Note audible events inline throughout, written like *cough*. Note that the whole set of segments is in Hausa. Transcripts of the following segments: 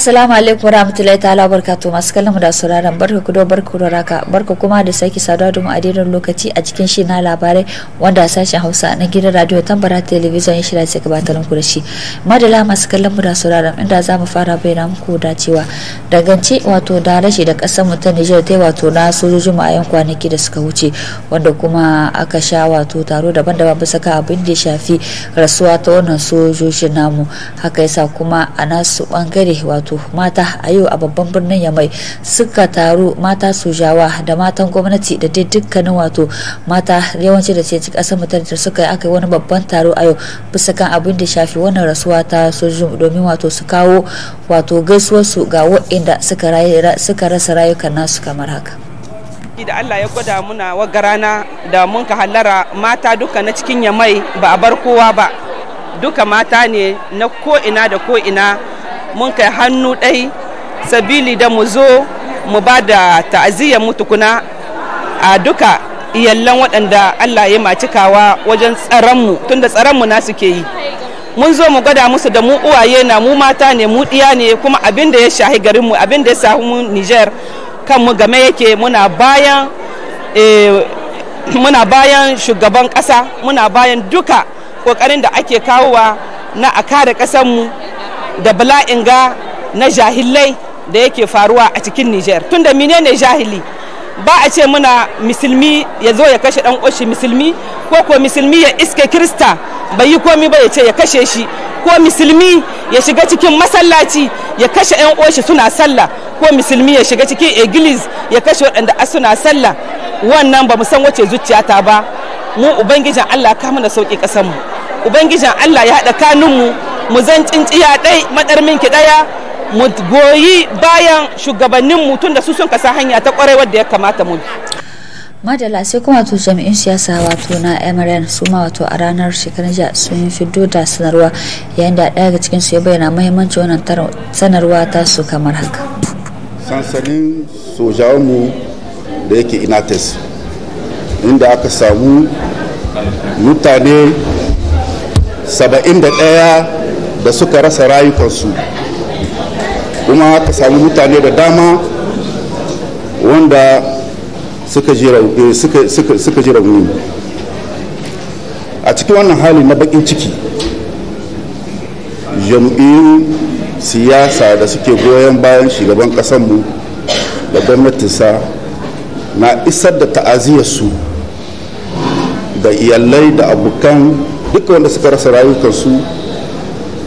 Assalamu alaikum warahmatullahi ta'ala barkatu masu kallon da sauraron barka kudo barka da raka barka kuma da sake saduwa da mu a daidan lokaci a cikin shi na labarai wanda sashen Hausa na gidan radio tambara television ya shirya sai gabatar muku da shi madala masu kallon da sauraron inda za mu fara bayyana muku da cewa dangance wato da rashi da kasar mu ta Niger ta wato na sojojin mu a yan kwanaki da suka wuce wanda kuma aka sha wato taro daban-daban bisa ka abin da ya shafi rasuwa ta wannan sojojin namu haka yasa kuma a nasu bangare wato wato mata a yau a babban birnin yamai suka taru mata sojawa da matan gwamnati da dai dukkanin wato mata yawanci da ce ci kasar mutane suka yi aka yi wani babban taro a yau bisa kan abin da shafi wannan rasuwa ta sojin domin wato su kawo wato gaisuwar su ga waɗanda suka rasa rayukan nasu kamar haka da Allah ya gwada muna wagarana da mun ka hallara mata duka na cikin yamai ba a bar kowa ba duka mata ne na ko ina da ko ina mun kai hannu ɗai sabili da mu zo mu ba da ta'aziyyar mutukuna a duka iyallan waɗanda Allah ya macikawa wajen tsaronmu tunda tsaronmu na suke yi mun zo mu gwada musu da mu uwaye na mu mata ne mu ɗiya ne kuma abin da ya shahi garinmu abin da ya shahi mu Niger kanmu game yake muna bayan eh, *clears throat* muna bayan shugaban ƙasa muna bayan duka ƙoƙarin da ake kawowa na a kare ƙasarmu da bala'in ga na jahilai da yake faruwa a cikin niger tunda menene jahili ba a ce muna musulmi ya zo ya kashe dan uwanshi musulmi ko ko musulmi ya iske kirista bai yi komi ba ya ce ya kashe shi ko musulmi ya shiga cikin masallaci ya kashe yan uwanshi suna sallah ko musulmi ya shiga cikin igilis ya kashe waɗanda suna sallah wannan ba mu san wace zuciyata ba mu ubangijin Allah ka mana sauki ƙasanmu mu ubangijin Allah ya haɗa kanunmu mu zan tsinciya ɗai maɗar minki ɗaya mu goyi bayan shugabannin mutum da su sun kasa hanya ta ƙwarai wadda ya kamata mu madala sai kuma wato jami'in siyasa wato na mrn su ma wato a ranar shekarun jiya sun yi fiddo da sanarwa yayin da ɗaya daga cikin su ya bayyana muhimmanci wannan sanarwa ta su kamar haka sansanin sojawanmu da yake inates inda aka samu mutane 71 da suka rasa rayukansu kuma ta samu mutane da dama wanda suka ji rauni eh, a cikin wannan hali na bakin ciki jam'iyyun siyasa da suke goyon bayan shugaban kasanmu da gwamnatinsa na isar da ta'aziyarsu da iyalai da abokan duka wanda suka rasa rayukansu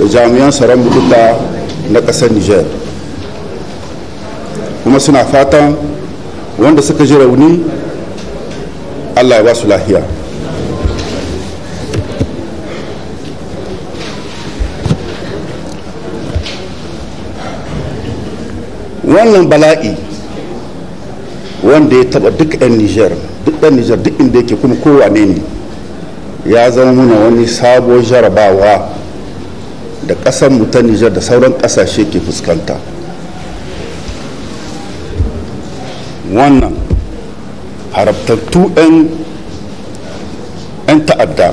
da jami'an tsaron bukuta na ƙasar niger kuma suna fatan wanda suka ji rauni allah ya ba su lahiya wannan bala'i wanda ya taba duk 'yan niger duk ɗan niger duk inda yake kuma kowane ne ya zama muna wani sabon jarabawa da kasar mu ta nijar da sauran kasashe ke fuskanta wannan harabtattu 'yan ta'adda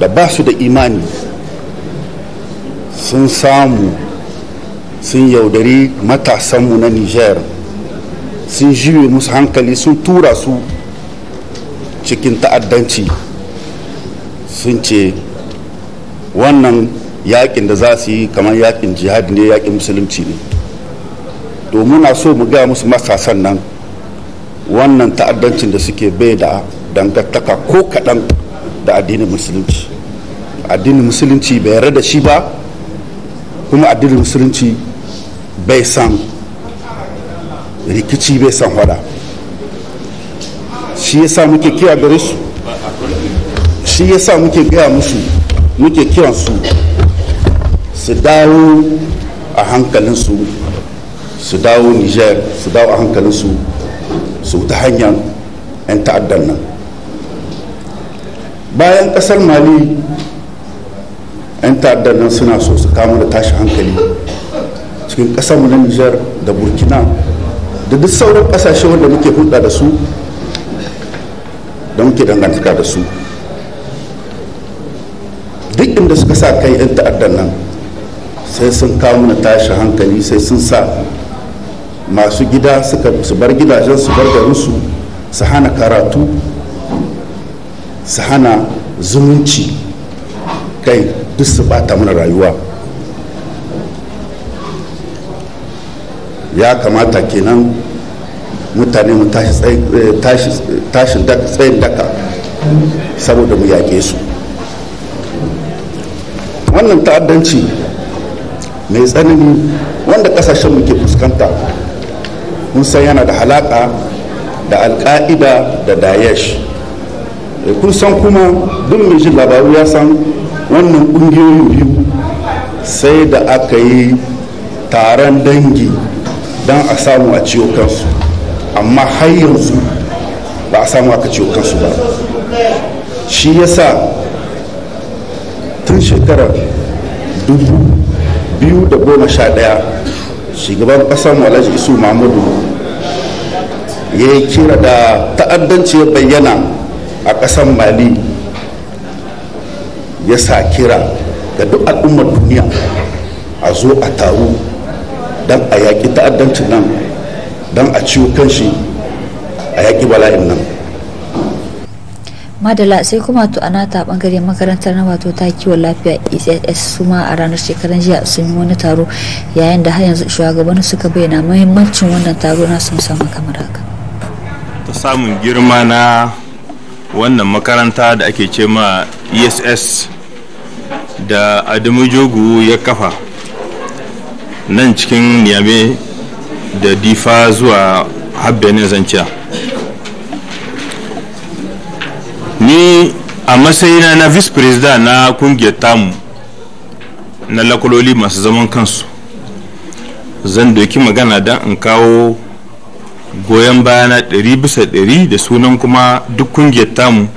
da ba su da imani sun samu sun yaudari matasanmu na nijar sun jiwe musu hankali sun tura su cikin ta'addanci sun ce wannan yakin da za su yi kamar yakin jihadi ne yakin musulunci ne to muna so mu gaya musu matasan nan wannan ta'addancin da suke bai da dangantaka ko kaɗan da addinin musulunci addinin musulunci bai yarda da shi ba kuma addinin musulunci bai san rikici bai san hada shi yasa muke kiya gare su shi yasa muke gaya musu muke kiran su dawo a hankalinsu su dawo niger su dawo a hankalinsu su ta hanyar 'yan ta'addan nan bayan kasar mali 'yan ta'addar nan suna so su kama da tashi hankali cikin kasar mu na nijar da burkina da duk sauran kasashe wanda muke hulɗa da su da muke dangantaka da su duk inda suka sa kai 'yan ta'addan nan sai sun kawo na tashi hankali sai sun sa masu gida su bar gidajen su bar garinsu su hana karatu su hana zumunci kai duk su bata mana rayuwa ya kamata kenan mutane mu tashi eh, tsayin daka saboda mu yaƙe su wannan ta'addanci mai tsanani wanda kasashen muke fuskanta mun san yana da halaka da alka'ida da daesh eh, kun san kuma duk mai jin labaru ya san wannan ƙungiyoyin biyu sai da aka yi taron dangi don a samu a ciwo kansu amma har yanzu ba a samu aka ciwo kansu ba shi yasa tun shekarar 2011 shugaban kasar alhaji isu mahmudu ya yi kira da ta'addanci ya bayyana a kasar mali ya sa kira ga duk al'ummar duniya a zo a taru don a yaƙi ta'addancin nan don a ciwo kan shi a yaƙi bala'in nan madala sai kuma to a nata bangare makarantar na wato ta kiwon lafiya ess su ma a ranar shekaran jiya sun yi wani taro yayin da har yanzu shugabanni suka bayyana muhimmancin wannan taro na su samu kamar haka ta samun girma na wannan makaranta da ake ce ma ess da adamu jogu ya kafa nan cikin niyame da difa zuwa habbenin zanciya ni a matsayina na vice president na kungiyar tamu na lakololi masu zaman kansu zan doki magana don in kawo goyon bayana ɗari bisa ɗari da sunan kuma duk kungiyar tamu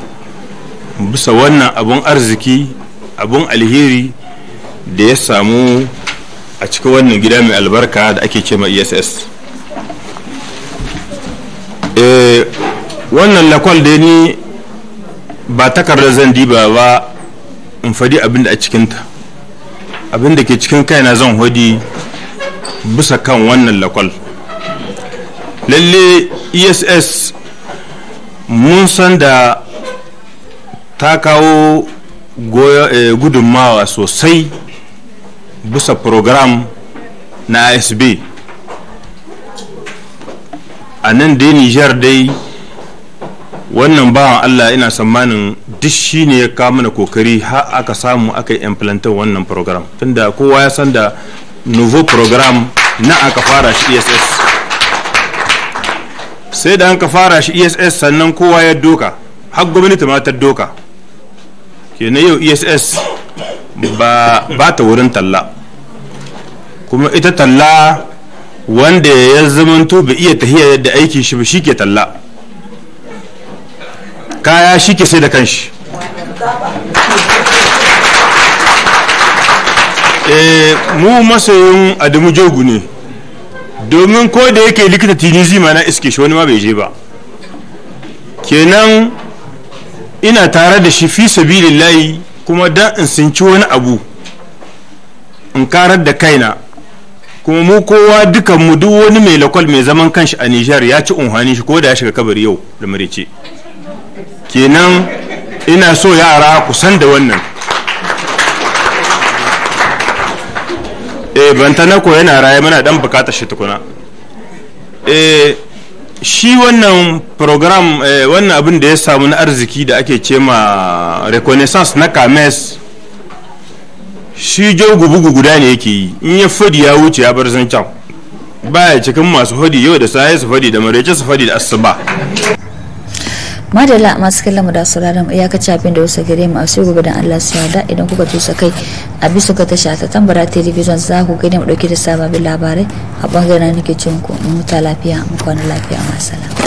bisa wannan abun arziki abun alheri da ya samu a cikin wannan gida mai albarka da ake ce ma ess eh, wannan lakwal da ni ba takardar zan diba ba in faɗi abin da a cikinta abin da ke cikin kaina zan hodi bisa kan wannan lakwal lalle ess mun san da ta kawo eh, gudunmawa sosai bisa program na asb a nan dai nijar dai wannan bawan Allah ina tsammanin duk shi ne ya kawo mana kokari har aka samu aka yi implantar wannan program tunda kowa ya san da nouveau program na aka fara shi ess sai da an ka fara shi ess sannan kowa ya doka har gwamnati ma ta doka kenan yau ess ba, ba ta wurin talla kuma ita talla wanda ya zamanto bai iya tahiya yadda aiki shi ba shi ke talla kaya shi ke sai da kanshi eh, mu masoyin adamu jogu ne domin ko da yake likita tunisi ma na iske shi wani ma bai je ba kenan ina tare da shi fi sabilillahi kuma don in sinci wani abu in karar da kaina kuma mu kowa dukan mu duk wani mai lakwal mai zaman kanshi a Nijar ya ci unhani shi ko da ya shiga kabari yau da marice kenan ina so yara ku da wannan eh banta na ko yana raye muna dan bukatar shi tukuna eh shi wannan program eh, wannan abin da ya samu na arziki da ake ce ma reconnaissance na kames shi jau gubu guda ne yake yi in ya fadi ya wuce ya bar zancan baya cikin masu fadi yau da sahi su fadi da marece su fadi da asuba madalla masu kallon mu da sauraron iyakaci abin da wasu gare mu a sai gobe dan Allah su yarda idan kuka tusa kai a bisa ka tasha ta tambara television za ku gani mu dauke da sababin labarai a bangaren nake cin ku mu ta lafiya mu kwana lafiya salama